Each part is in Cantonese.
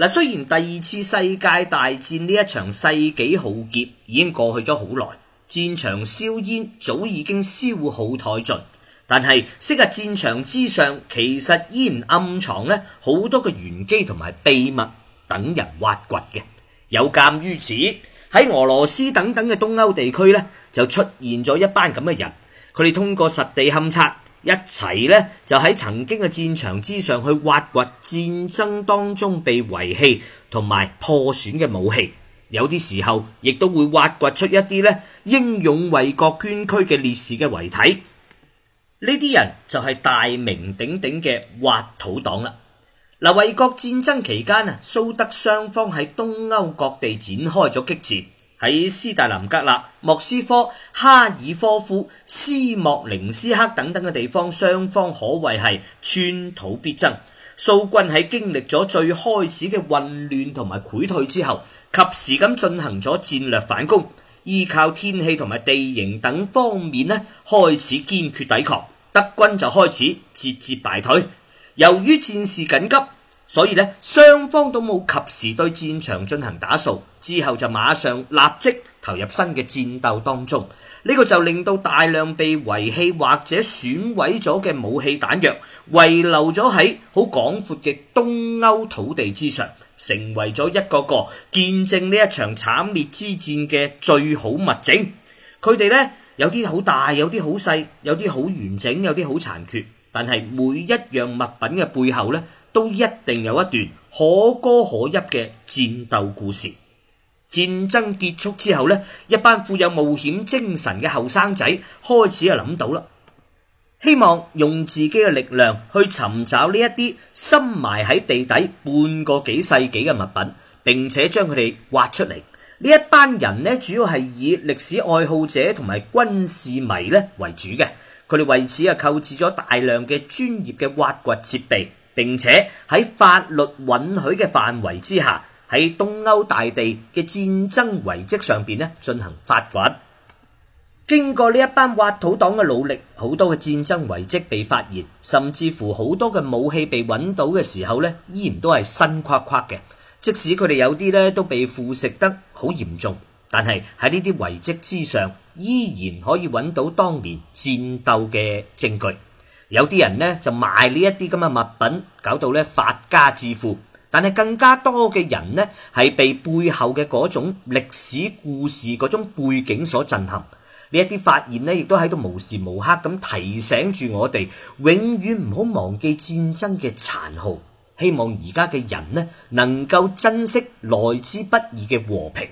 嗱，雖然第二次世界大戰呢一場世紀浩劫已經過去咗好耐，戰場硝煙早已經消耗殆盡，但係昔日戰場之上其實依然暗藏咧好多嘅玄機同埋秘密等人挖掘嘅。有鑒於此，喺俄羅斯等等嘅東歐地區咧，就出現咗一班咁嘅人，佢哋通過實地勘察。一齊呢，就喺曾經嘅戰場之上去挖掘戰爭當中被遺棄同埋破損嘅武器，有啲時候亦都會挖掘出一啲呢英勇為國捐軀嘅烈士嘅遺體。呢啲人就係大名鼎鼎嘅挖土黨啦。嗱，衛國戰爭期間啊，蘇德雙方喺東歐各地展開咗激戰。喺斯大林格勒、莫斯科、哈爾科夫、斯莫棱斯克等等嘅地方，雙方可謂係寸土必爭。蘇軍喺經歷咗最開始嘅混亂同埋潰退之後，及時咁進行咗戰略反攻，依靠天氣同埋地形等方面呢，開始堅決抵抗，德軍就開始節節敗退。由於戰事緊急，所以咧，雙方都冇及時對戰場進行打掃，之後就馬上立即投入新嘅戰鬥當中。呢個就令到大量被遺棄或者損毀咗嘅武器彈藥，遺留咗喺好廣闊嘅東歐土地之上，成為咗一個個見證呢一場慘烈之戰嘅最好物證。佢哋咧，有啲好大，有啲好細，有啲好完整，有啲好殘缺。但係每一樣物品嘅背後咧～都一定有一段可歌可泣嘅戰鬥故事。戰爭結束之後，呢一班富有冒險精神嘅後生仔開始啊諗到啦，希望用自己嘅力量去尋找呢一啲深埋喺地底半個幾世紀嘅物品，並且將佢哋挖出嚟。呢一班人呢，主要係以歷史愛好者同埋軍事迷咧為主嘅。佢哋為此啊購置咗大量嘅專業嘅挖掘設備。並且喺法律允許嘅範圍之下，喺東歐大地嘅戰爭遺蹟上邊呢進行發掘。經過呢一班挖土黨嘅努力，好多嘅戰爭遺蹟被發現，甚至乎好多嘅武器被揾到嘅時候呢，依然都係新框框嘅。即使佢哋有啲呢都被腐蝕得好嚴重，但係喺呢啲遺蹟之上，依然可以揾到當年戰鬥嘅證據。有啲人呢，就賣呢一啲咁嘅物品，搞到呢發家致富。但係更加多嘅人呢，係被背後嘅嗰種歷史故事、嗰種背景所震撼。呢一啲發現呢，亦都喺度無時無刻咁提醒住我哋，永遠唔好忘記戰爭嘅殘酷。希望而家嘅人呢，能夠珍惜來之不易嘅和平。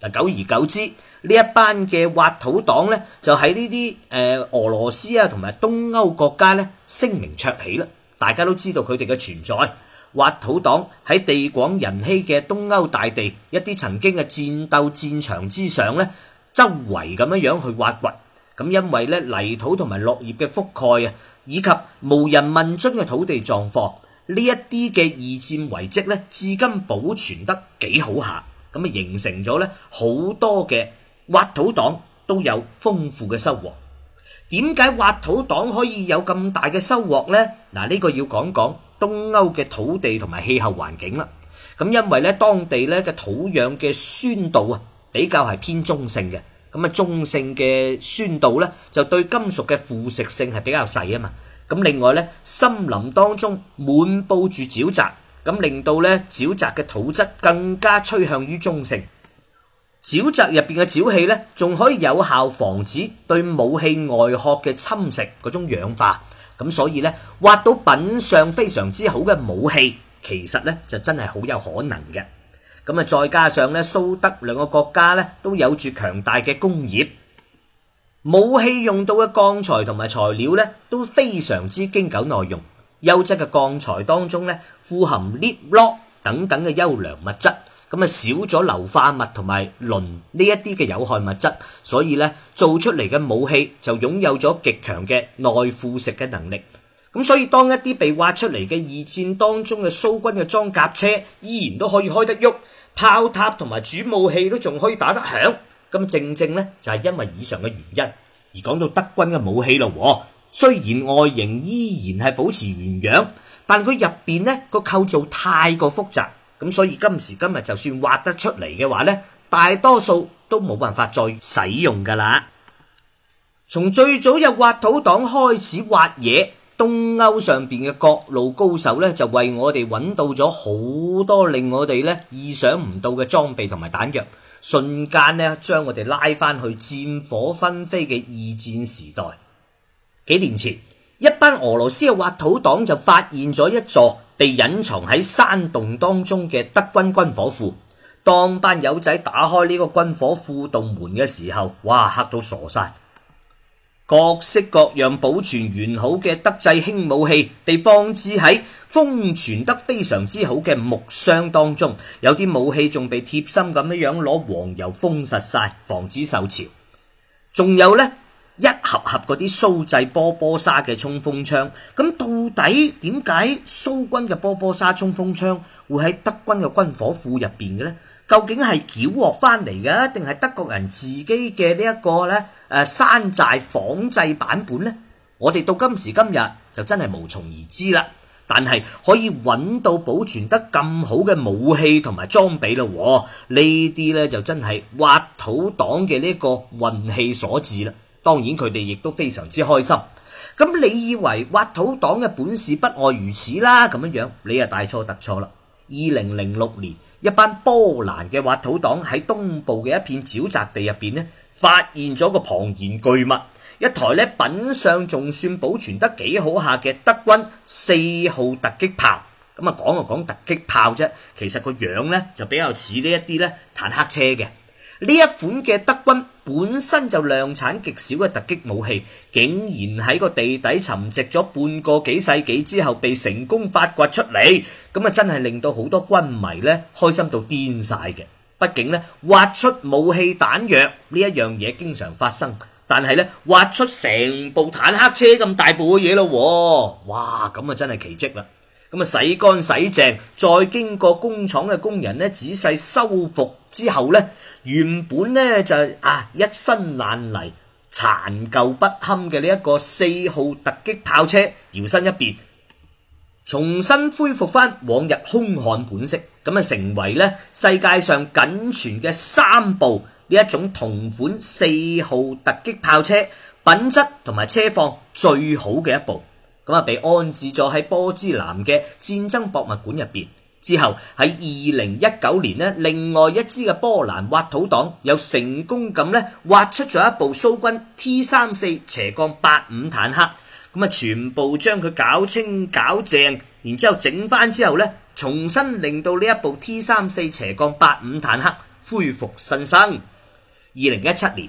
嗱，久而久之，呢一班嘅挖土黨咧，就喺呢啲誒、俄羅斯啊同埋東歐國家咧聲名鵲起啦。大家都知道佢哋嘅存在。挖土黨喺地廣人稀嘅東歐大地，一啲曾經嘅戰鬥戰場之上咧，周圍咁樣樣去挖掘。咁因為咧泥土同埋落葉嘅覆蓋啊，以及無人問津嘅土地狀況，呢一啲嘅二戰遺跡咧，至今保存得幾好下。咁啊，形成咗咧好多嘅挖土黨都有豐富嘅收穫。點解挖土黨可以有咁大嘅收穫咧？嗱，呢個要講講東歐嘅土地同埋氣候環境啦。咁因為咧當地咧嘅土壤嘅酸度啊，比較係偏中性嘅。咁啊，中性嘅酸度咧，就對金屬嘅腐蝕性係比較細啊嘛。咁另外咧，森林當中滿佈住沼澤。咁令到咧沼澤嘅土質更加趨向於中性，沼澤入邊嘅沼氣咧，仲可以有效防止對武器外殼嘅侵蝕嗰種氧化。咁所以咧，挖到品相非常之好嘅武器，其實咧就真係好有可能嘅。咁啊，再加上咧，蘇德兩個國家咧都有住強大嘅工業，武器用到嘅鋼材同埋材料咧都非常之經久耐用。優質嘅鋼材當中咧，富含鎳、鉻等等嘅優良物質，咁啊少咗硫化物同埋磷呢一啲嘅有害物質，所以咧做出嚟嘅武器就擁有咗極強嘅耐腐蝕嘅能力。咁所以當一啲被挖出嚟嘅二戰當中嘅蘇軍嘅裝甲車依然都可以開得喐，炮塔同埋主武器都仲可以打得響，咁正正咧就係因為以上嘅原因而講到德軍嘅武器咯。雖然外形依然係保持原樣，但佢入邊呢個構造太過複雜，咁所以今時今日就算挖得出嚟嘅話呢，大多數都冇辦法再使用噶啦。從最早由挖土黨開始挖嘢，東歐上邊嘅各路高手呢，就為我哋揾到咗好多令我哋呢意想唔到嘅裝備同埋彈藥，瞬間呢將我哋拉翻去戰火紛飛嘅二戰時代。幾年前，一班俄羅斯嘅挖土黨就發現咗一座被隱藏喺山洞當中嘅德軍軍火庫。當班友仔打開呢個軍火庫洞門嘅時候，哇！嚇到傻晒。各式各樣保存完好嘅德製輕武器被放置喺封存得非常之好嘅木箱當中，有啲武器仲被貼心咁樣樣攞黃油封實晒，防止受潮。仲有呢。一盒盒嗰啲蘇製波波沙嘅衝鋒槍，咁到底點解蘇軍嘅波波沙衝鋒槍會喺德軍嘅軍火庫入邊嘅呢？究竟係繳獲翻嚟嘅，定係德國人自己嘅呢一個咧？誒、啊、山寨仿製版本呢？我哋到今時今日就真係無從而知啦。但係可以揾到保存得咁好嘅武器同埋裝備啦，呢啲呢，就真係挖土黨嘅呢個運氣所致啦。當然佢哋亦都非常之開心。咁你以為挖土黨嘅本事不外如此啦？咁樣樣你啊大錯特錯啦！二零零六年，一班波蘭嘅挖土黨喺東部嘅一片沼澤地入邊呢，發現咗個龐然巨物，一台咧品相仲算保存得幾好下嘅德軍四號突擊炮。咁啊講就講突擊炮啫，其實個樣呢，就比較似呢一啲咧坦克車嘅。呢一款嘅德軍本身就量產極少嘅突擊武器，竟然喺個地底沉寂咗半個幾世紀之後被成功發掘出嚟，咁啊真係令到好多軍迷呢開心到癲晒嘅。畢竟呢，挖出武器彈藥呢一樣嘢經常發生，但係呢，挖出成部坦克車咁大部嘅嘢咯，哇！咁啊真係奇蹟啦～咁啊，洗乾洗淨，再經過工廠嘅工人咧仔細修復之後呢，原本呢就啊一身爛泥殘舊不堪嘅呢一個四號突擊炮車，搖身一變，重新恢復翻往日兇悍本色，咁啊成為呢世界上僅存嘅三部呢一種同款四號突擊炮車，品質同埋車況最好嘅一部。咁啊，被安置咗喺波茲南嘅戰爭博物館入邊。之後喺二零一九年呢，另外一支嘅波蘭挖土黨又成功咁呢，挖出咗一部蘇軍 T 三四斜槓八五坦克。咁啊，全部將佢搞清搞淨，然之後整翻之後呢，重新令到呢一部 T 三四斜槓八五坦克恢復新生。二零一七年。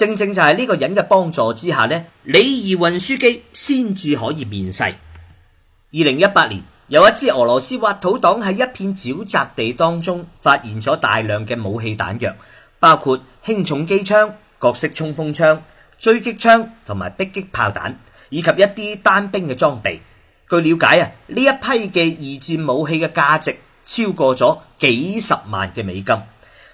正正就係呢個人嘅幫助之下呢李二運輸機先至可以面世。二零一八年，有一支俄羅斯挖土黨喺一片沼澤地當中發現咗大量嘅武器彈藥，包括輕重機槍、各式衝鋒槍、狙擊槍同埋迫擊炮彈，以及一啲單兵嘅裝備。據了解啊，呢一批嘅二戰武器嘅價值超過咗幾十萬嘅美金。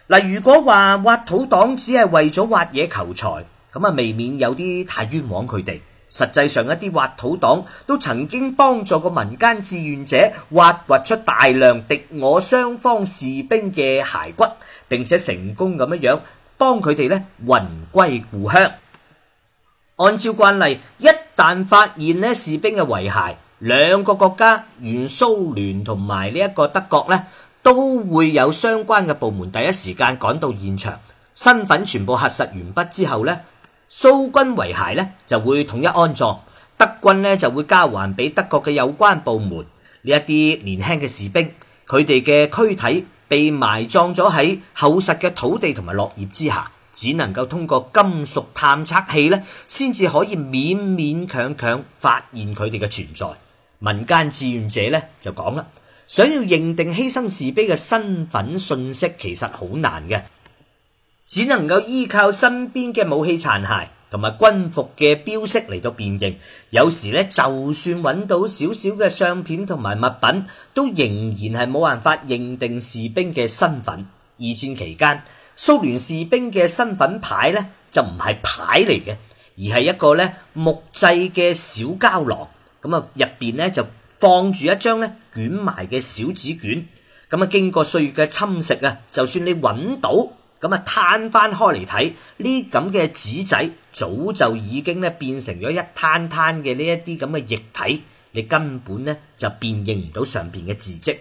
嗱，如果話挖土黨只係為咗挖嘢求財，咁啊，未免有啲太冤枉佢哋。實際上，一啲挖土黨都曾經幫助過民間志願者挖掘出大量敵我雙方士兵嘅骸骨，並且成功咁樣樣幫佢哋咧魂歸故鄉。按照慣例，一旦發現呢士兵嘅遺骸，兩個國家，原蘇聯同埋呢一個德國咧。都會有相關嘅部門第一時間趕到現場，身份全部核實完畢之後咧，蘇軍遺骸咧就會統一安葬，德軍咧就會交還俾德國嘅有關部門。呢一啲年輕嘅士兵，佢哋嘅軀體被埋葬咗喺厚實嘅土地同埋落葉之下，只能夠通過金屬探測器咧，先至可以勉勉強強強發現佢哋嘅存在。民間志願者咧就講啦。想要認定犧牲士兵嘅身份信息，其實好難嘅，只能夠依靠身邊嘅武器殘骸同埋軍服嘅標識嚟到辨認。有時咧，就算揾到少少嘅相片同埋物品，都仍然係冇辦法認定士兵嘅身份。二戰期間，蘇聯士兵嘅身份牌咧，就唔係牌嚟嘅，而係一個咧木製嘅小膠囊。咁啊，入邊咧就放住一張咧。捲埋嘅小紙卷，咁啊經過歲月嘅侵蝕啊，就算你揾到，咁啊攤翻開嚟睇，呢咁嘅紙仔早就已經咧變成咗一攤攤嘅呢一啲咁嘅液體，你根本咧就辨認唔到上邊嘅字跡。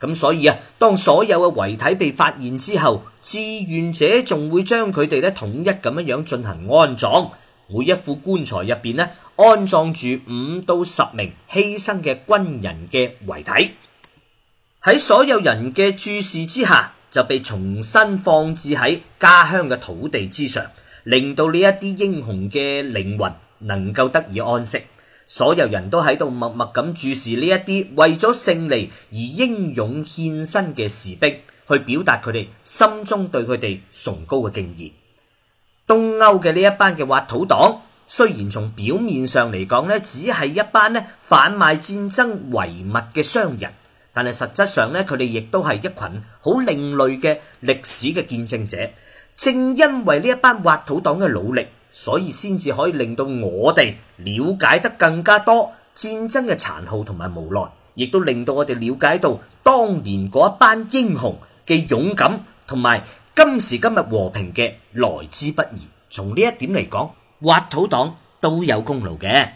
咁所以啊，當所有嘅遺體被發現之後，志願者仲會將佢哋咧統一咁樣樣進行安葬。每一副棺材入邊呢，安葬住五到十名犧牲嘅軍人嘅遺體，喺所有人嘅注視之下，就被重新放置喺家鄉嘅土地之上，令到呢一啲英雄嘅靈魂能夠得以安息。所有人都喺度默默咁注視呢一啲為咗勝利而英勇獻身嘅士兵，去表達佢哋心中對佢哋崇高嘅敬意。東歐嘅呢一班嘅挖土黨，雖然從表面上嚟講咧，只係一班咧販賣戰爭遺物嘅商人，但係實質上咧，佢哋亦都係一群好另類嘅歷史嘅見證者。正因為呢一班挖土黨嘅努力，所以先至可以令到我哋瞭解得更加多戰爭嘅殘酷同埋無奈，亦都令到我哋了解到當年嗰一班英雄嘅勇敢同埋。今時今日和平嘅來之不易，從呢一點嚟講，挖土黨都有功勞嘅。